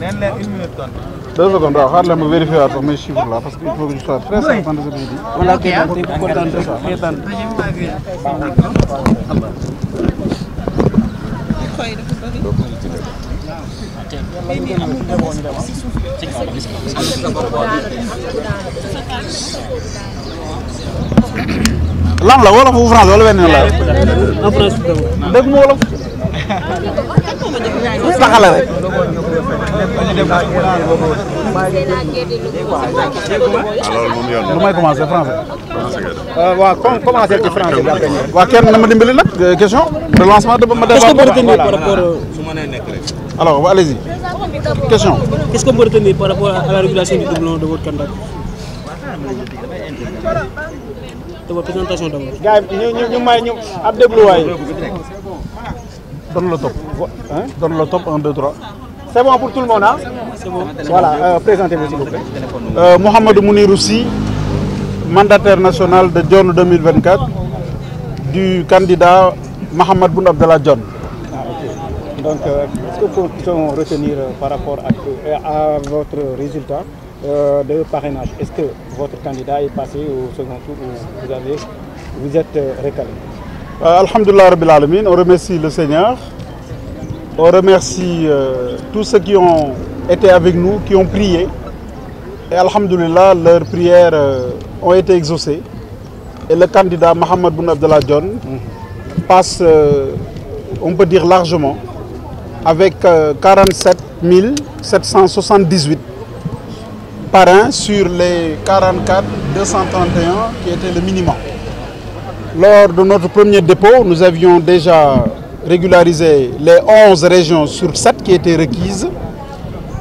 neen leen une minute kon. deux secondes waaw xaaral ma vérifier waat sax may chiffre là parce que il faut que je sois très certain de ce que je dis. voilà kay ah tey bu kontaan rek xeetaan. lan la wolof ou français wala benn la. dégg mu wolof. taxala rek lu may commencé français euh, waaw commencé ci français waaw kenn na ma dimbali nag euh, question de lancement de ma débat alors allez-y question qu'est-ce qu'on peut retenir par rapport à la régulation du doublon de votre candidat de votre présentation d'abord gars ñu ñu may ñu ab dégluwaay donne le top. Hein? Donne le top, 1, C'est bon pour tout le monde, Voilà, euh, présentez-vous s'il vous plaît. Euh, Mohamed Mouniroussi, mandataire national de John 2024, du candidat Mohamed Boun Abdallah John. Ah, Donc, euh, est-ce que vous pouvez retenir euh, par rapport à, à votre résultat euh, de parrainage Est-ce que votre candidat est passé ou vous, vous êtes récalé Euh, Alhamdulillah Rabbil Alamin, on remercie le Seigneur, on remercie euh, tous ceux qui ont été avec nous, qui ont prié. Et Alhamdulillah, leurs prières euh, ont été exaucées. Et le candidat Mohamed Boun Abdallah John passe, euh, on euh, sur les 44 231 qui Lors de notre premier dépôt, nous avions déjà régularisé les 11 régions sur 7 qui étaient requises.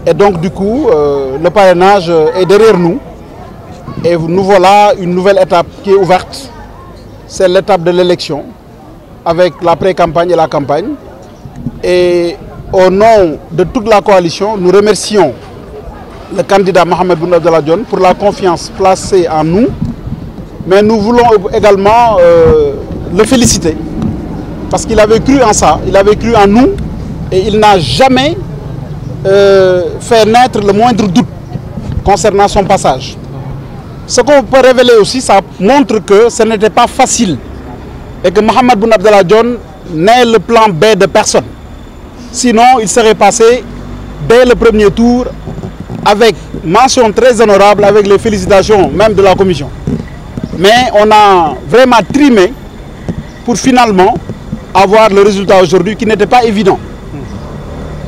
Et donc du coup, euh, le parrainage est derrière nous. Et nous voilà une nouvelle étape qui est ouverte. C'est l'étape de l'élection, avec la pré-campagne et la campagne. Et au nom de toute la coalition, nous remercions le candidat Mohamed Boun Abdallah pour la confiance placée en nous Mais nous voulons également euh, le féliciter parce qu'il avait cru en ça, il avait cru en nous et il n'a jamais euh, fait naître le moindre doute concernant son passage. Ce qu'on peut révéler aussi, ça montre que ce n'était pas facile et que Mohamed Boun Abdallah Dionne n'est le plan B de personne. Sinon, il serait passé dès le premier tour avec mention très honorable, avec les félicitations même de la commission. Mais on a vraiment trimé pour finalement avoir le résultat aujourd'hui qui n'était pas évident.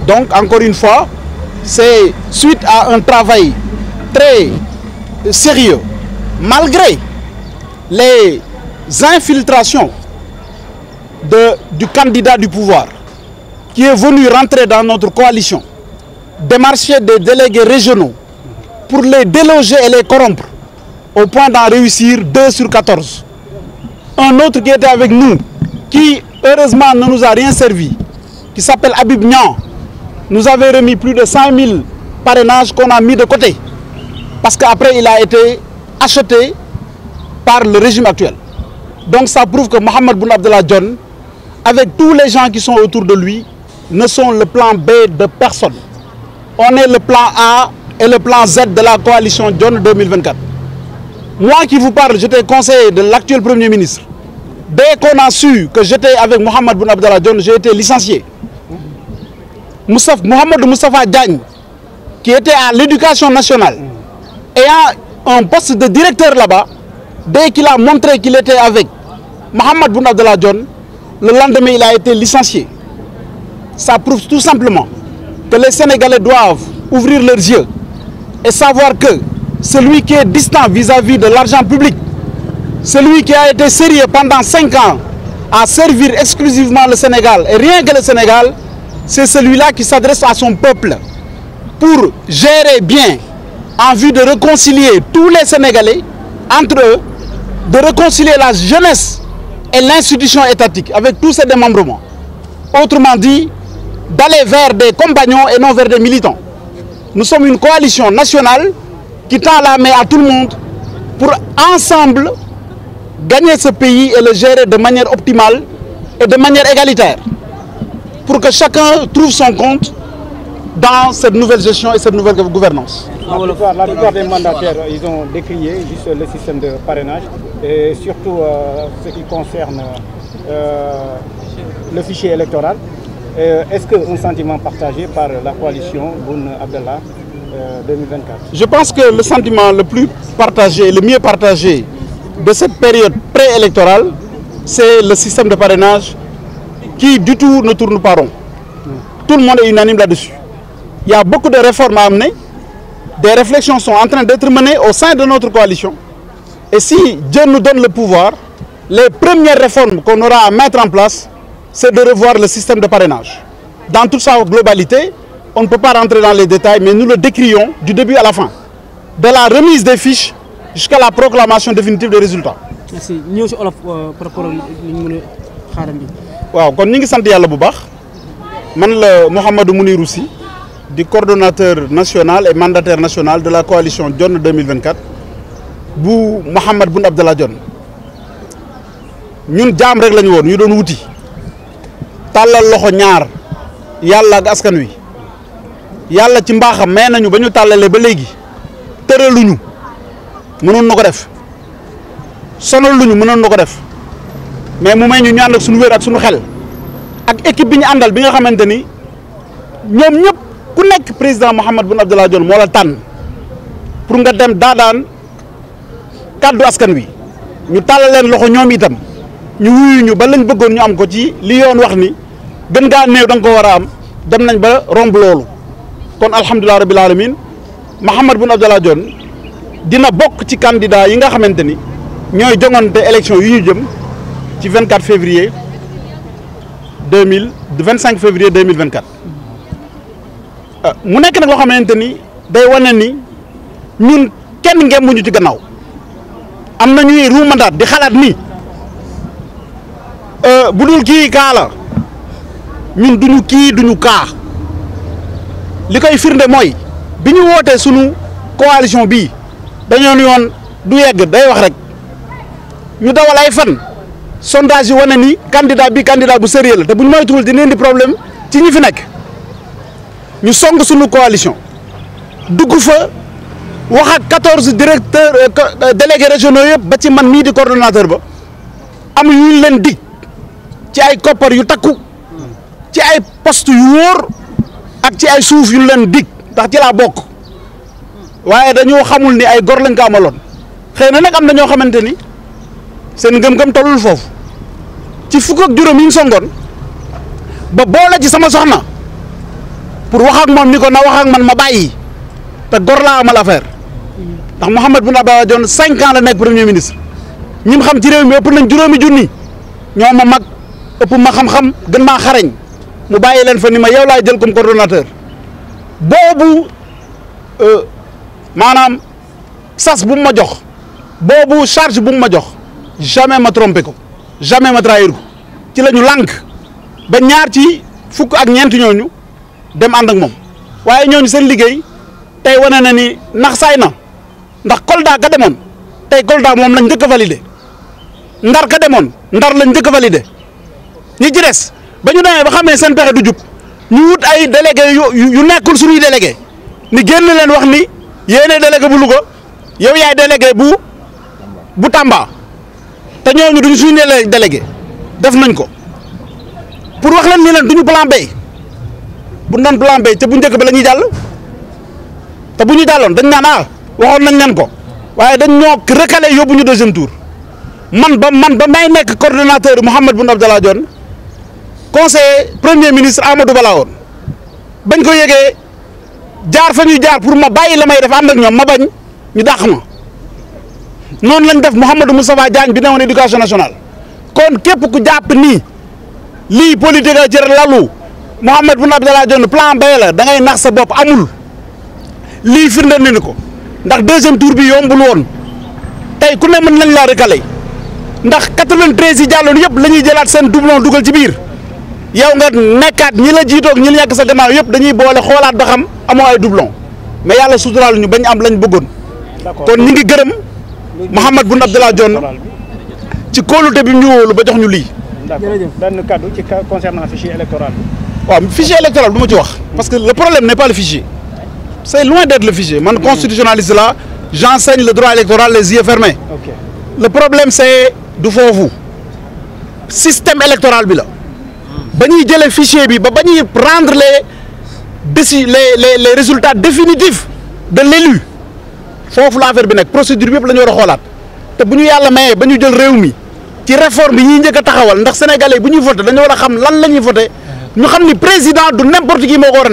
Donc, encore une fois, c'est suite à un travail très sérieux, malgré les infiltrations de, du candidat du pouvoir qui est venu rentrer dans notre coalition, démarcher des délégués régionaux pour les déloger et les corrompre. au point d'en réussir 2 sur 14. Un autre qui avec nous, qui heureusement ne nous a rien servi, qui s'appelle Habib plus de 5 000 parrainages qu'on a de côté. Parce qu'après, il a été par le régime Donc ça prouve que Mohamed Boun Abdallah John, avec tous les gens qui sont de lui, ne sont le plan B de personne. On est le plan A et le plan Z de la coalition John 2024. Moi qui vous parle, j'étais conseiller de l'actuel Premier ministre. Dès qu'on a su que j'étais avec Mohamed Boun Abdallah Dionne, j'ai été licencié. Moustapha, Mohamed Moustapha Diagne, qui était à l'éducation nationale, ayant un poste de directeur là-bas, dès qu'il a montré qu'il était avec Mohamed Boun Abdallah Dionne, le lendemain il a été licencié. Ça prouve tout simplement que les Sénégalais doivent ouvrir leurs yeux et savoir que celui qui est distant vis-à-vis -vis de l'argent public, celui qui a été sérieux pendant cinq ans à servir exclusivement le Sénégal et rien que le Sénégal, c'est celui-là qui s'adresse à son peuple pour gérer bien en vue de réconcilier tous les Sénégalais entre eux, de réconcilier la jeunesse et l'institution étatique avec tous ces démembrements. Autrement dit, d'aller vers des compagnons et non vers des militants. Nous sommes une coalition nationale qui tend la main à tout le monde pour ensemble gagner ce pays et le gérer de manière optimale et de manière égalitaire pour que chacun trouve son compte dans cette nouvelle gestion et cette nouvelle gouvernance. La plupart, des mandataires, ils ont décrié juste le système de parrainage et surtout euh, ce qui concerne euh, le fichier électoral. Euh, est-ce qu'un sentiment partagé par la coalition Boun Abdallah 2024 euh, Je pense que le sentiment le plus partagé, le mieux partagé de cette période préélectorale, c'est le système de parrainage qui du tout ne tourne pas rond. Hmm. Tout le monde est unanime là-dessus. Il y a beaucoup de réformes à amener. Des réflexions sont en train d'être menées au sein de notre coalition. Et si Dieu nous donne le pouvoir, les premières réformes qu'on aura à mettre en place, c'est de revoir le système de parrainage. Dans toute sa globalité, on ne peut pas rentrer dans les détails, mais nous la décrions du début à la fin. De la remise des fiches jusqu'à la proclamation définitive des résultat merci ñëw si olof par waaw kon ñu ngi sant yàlla bu baax man la Mouhamadou Mounirou Sy di coordonnateur national et mandataire national de la coalition Dionne 2024 bu Mouhamad Boun Abdallah jon ñun jaam rek la ñu woon ñu doon wuti tàllal loxo ñaar yàlla ak askan wi. yàlla ci mbaaxam may nañu ba ñu tàllalee ba léegi tëraluñu mënoon na ko def sonal luñu mënoon na ko def mais mu may ñu ñu ak suñu wér ak suñu xel ak équipe bi ñu àndal bi nga xamante ni ñoom ñëpp ku nekk président Mahammed Boun Abdallah Dionne moo la tànn pour nga dem daadaan kàddu askan wi ñu tàllal leen loxo ñoom itam ñu wuyu ñu ba lañ bëggoon ñu am ko ci li yoon wax ni gën gaa néew da nga ko war a am dem nañ ba romb loolu kon alhamdulilah rabil alamin Mahammed Boun Abdallah Dionne dina bokk ci candidat yi nga xamante ni ñooy joŋante élection yu ñu jëm ci 24 février 2000 25 février 2024. Euh, mu nekk nag loo xamante ni day wane ni ñun kenn ngeen muñu ci gannaaw am na ñuy ruumandaat di xalaat ni euh, bu dul kii kaa la ñun duñu kii duñu kaa. li koy firnde mooy bi ñu wootee sunu coalition bii dañoo yoon du yegg day wax rek ñu dawal ay fan sondage yi wane ni candidat bi candidat bu sérieux la te buñ moytuwul dina di problème ci ñi fi nekk ñu song sunu coalition dugg fa wax ak quatorze directeurs euh, euh, délégués régionaux yëpp ba ci man mii di coordonnateur ba am yuñ leen dig ci ay koppar yu takku ci ay post yu wóor ak ci ay suuf yu leen dig ndax ci laa bokk waaye dañoo xamul ni ay gor lañ ko amaloon xëy na nag am na ñoo xamante ni seen ngëm-ngëm tollul foofu ci fukk juróom yi ñu songoon ba boole ci sama soxna pour wax ak moom ni ko na wax ak ma bàyyi te gor laa amal affaire ndax Mahammed Boun Abdallah Dionne cinq ans la nekk premier ministre ñi xam ci réew mi ëpp nañ juróomi junni ñoo a mag ëpp ma xam-xam gën maa xarañ. mu bàyyi leen fa ni ma yow laay jël comme coordonnateur boobu euh, maanaam sas bu mu ma jox boobu charge bu mu ma jox jamais ma trompé ko jamais ma trahir ko ci lañu ñu lànk ba ñaar ci fukk ak ñeent ñooñu dem ànd ak moom waaye ñooñu seen liggéey tey wane na ni nax saay na ndax Kolda ka demoon tey Kolda moom lañ njëkk a validé Ndar ka demoon Ndar lañ njëkk a validé ñi ci des. ba ñu demee ba xamee seen pexe du jub ñu wut ay délégué yu yu nekkul suñuy délégué ni génn leen wax ni yéene délégué bu Louga yow yaay délégué bu bu Tamba te ñooñu duñ suñu délégué def nañ ko pour wax leen ni leen duñu plan B bu ñu doon plan B te bu njëkk ba lañuy ñuy jàll te bu ñu jàlloon dañ naan ah waxoon nañ leen ko waaye dañ ñoo recalé yóbbu ñu deuxième tour man ba man ba may nekk coordonnateur Mouhamed Boun Abdallah Dionne conseiller premier ministre Amadou Ba laa woon bañ ko yëgee jaar fa ñuy jaar pour ma bàyyi la may def ànd ak ñoom ma bañ ñu dàq ma noon lañ def Mouhamadou Moustapha Diagne bi newoon éducation nationale kon képp ku jàpp nii lii politique a jër lalu Mouhamed Boun Abdallah Dionne plan B la dangay ngay nax sa bopp amul lii firndeel nañu ko ndax deuxième tour bi yombul woon tey ku ne mën nañ laa recalé ndax 93 yi jàlloon yëpp la ñuy jëlaat seen doublon dugal ci biir yow nga nekkaat ñi la jiitoog ñi la ñàkk sa gannaaw yëpp dañuy boole xoolaat ba xam amoo ay doublon mais yàlla suturaal ñu bañ am lañ bëggoon kon ñi ngi gërëm Mouhamed Boun Abdallah Dionne ci kóolute bi ñu wóolu ba jox ñu lii. jërëjëf benn kaddu ci concernant fichier électoral bi. waaw fichier électoral du ma ci wax. parce que le problème n'est pas le fichier. c'est loin d'être le fichier man hmm. constitutionnaliste là j'enseigne le droit électoral les yeux fermés. ok le problème c'est du foofu système électoral bi la. ba ñuy jëlee fichier bi ba ba ñuy rendre les déci les les les résultats définitifs de l'élu foofu la affaire bi nag procédure bi yëpp la ñu war a xoolaat te bu ñuy yàlla mayee ba ñu jël réew mi ci réforme bi ñu njëkk taxawal ndax sénégalais bu ñuy voté dañu war a xam lan la ñuy voté ñu xam ni président du n'importe qui moo ko war a